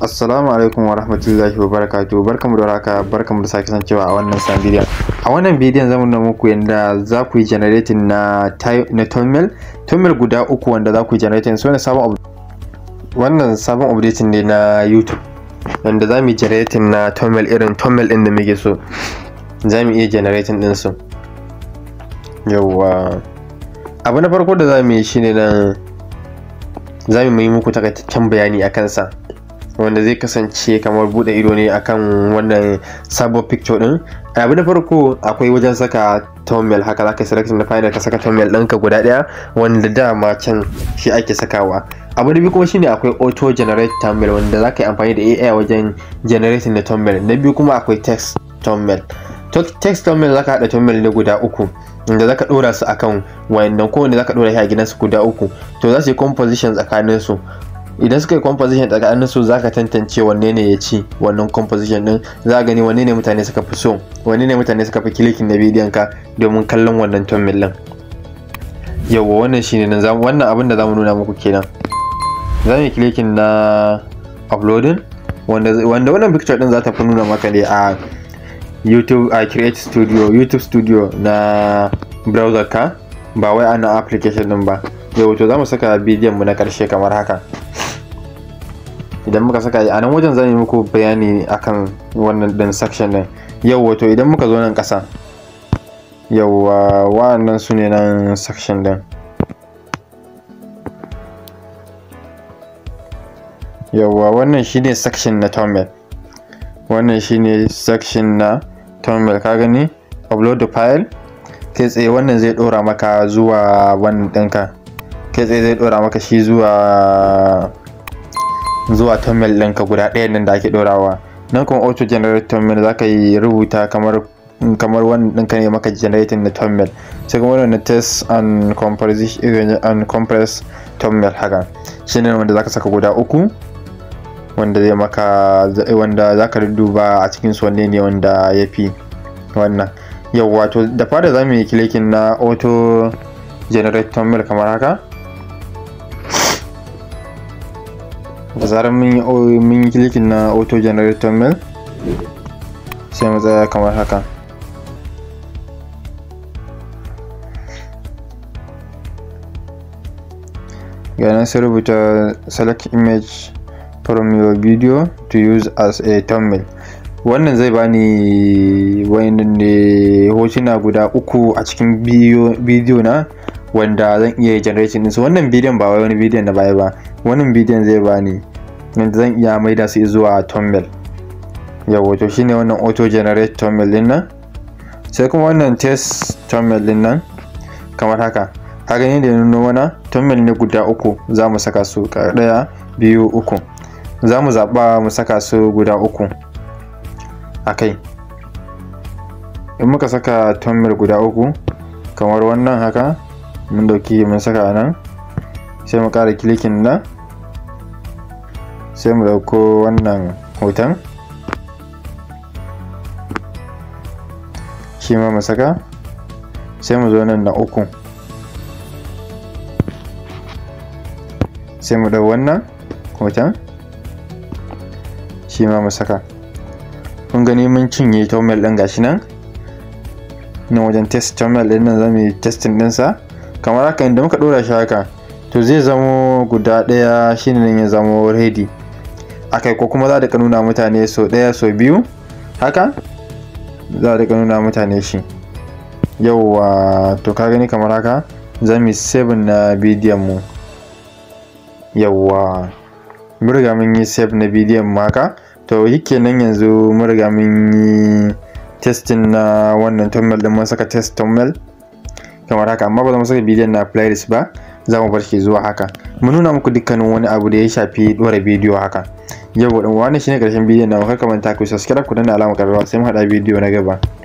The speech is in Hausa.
Assalamu alaikum wa rahmatullahi wa barakatu barkamu da waraka barkamu da sake kasancewa a wannan san bidiyon. A wannan bidiyon zamu nuna muku yadda za ku yi generating na na thumbnail, thumbnail guda uku wanda za ku yi generating su sabon wannan sabon updating ne na YouTube wanda za mu yi generating na thumbnail irin thumbnail din da muke so. Za mu iya generating din su. Yawwa. Abu na farko da za mu yi shine nan za mu yi muku takaitaccen bayani a kansa. wanda zai kasance kamar bude ido ne akan wannan sabon picture din abu na farko akwai wajen saka thumbnail haka zaka ka selection na final ka saka thumbnail ɗinka guda ɗaya wanda dama can shi ake sakawa abu na biyu kuma shine akwai auto generate thumbnail wanda za ka yi amfani da AI wajen generating da thumbnail na biyu kuma akwai text thumbnail text thumbnail za ka haɗa thumbnail ne guda uku inda zaka dora su akan wayannan kowanne zaka dora shi a gidansu guda uku to za su yi composition tsakanin su idan suka yi composition tsakanin su zaka tantance wanne ne ya ci wannan composition din za gani wanne ne mutane suka fi so wanne ne mutane suka fi kilikin na bidiyon ka domin kallon wannan ton millin yawwa wannan shine nan wannan abin da zamu nuna muku kenan za mu yi kilikin na uploading wanda wanda wannan picture din za ta fi nuna maka ne a YouTube a Create Studio YouTube Studio na browser ka ba wai ana application din ba yau to za mu saka bidiyon mu na karshe kamar haka idan muka saka a nan wajen zan yi muku bayani akan wannan din section din yau wato idan muka zo nan ƙasa yauwa wa'annan su ne nan section din yauwa wannan shine section na thumbnail wannan shine section na thumbnail ka gani upload the file kai tsaye wannan zai dora maka zuwa wannan ɗinka kai tsaye zai dora maka shi zuwa zuwa thumbnail ɗinka guda ɗaya nan da ake ɗorawa nan kuma auto generate thumbnail za ka yi rubuta kamar kamar wannan ɗinka ne maka generating na thumbnail sai kuma wani na test and composition and compress thumbnail haka ne wanda ka saka guda uku wanda zai maka wanda ka duba a cikin su wanne ne wanda ya fi wannan yau wato da fara za mu yi clicking na auto generate thumbnail kamar haka da zarar mun yi kilikin na auto generator mail sai mu tsaya kamar haka ganin sai rubuta select image from your video to use as a thumbnail wannan zai bani wani hotuna guda uku a cikin bidiyo na wanda zan iya generation din su wannan bidiyon ba wai wani bidiyon na bai ba wannan bidiyon zai bani wanda zan iya maida su zuwa thumbnail yawo to shine wannan auto generate thumbnail din nan sai kuma wannan test thumbnail din nan kamar haka ka gani da nuno mana thumbnail ne guda uku za mu saka su ɗaya biyu uku za mu zaɓa mu saka su guda uku a kai in muka saka thumbnail guda uku kamar wannan haka mun dauki mun saka nan sai mu kara kilikin nan sai mu dauko wannan hoton shi ma mu saka sai mu zo nan na uku sai mu dau wannan hoton shi ma mu saka kun gani mun cinye thumbnail ɗin gashi nan nan wajen test terminal din nan zamu yi testing din sa kamar haka inda muka dora shi haka to zai zamo guda ɗaya shine ne ya zamo ready akai ko kuma za da nuna mutane so ɗaya so biyu haka za da nuna mutane shi yauwa to ka gani kamar haka za mu 7 na bidiyon mu yauwa mun riga mun yi save na bidiyon mu haka to yake nan yanzu mun riga mun yi testing na wannan tunnel din mun saka test tunnel kamar haka amma ba za mu saka bidiyon na playlist ba za mu bar shi zuwa haka Mun nuna muku dukkanin wani abu da ya shafi dora bidiyo haka yau wannan shine karshen bidiyon na kar ka manta ku subscribe ku danna alamar karrawa sai mu hada bidiyo na gaba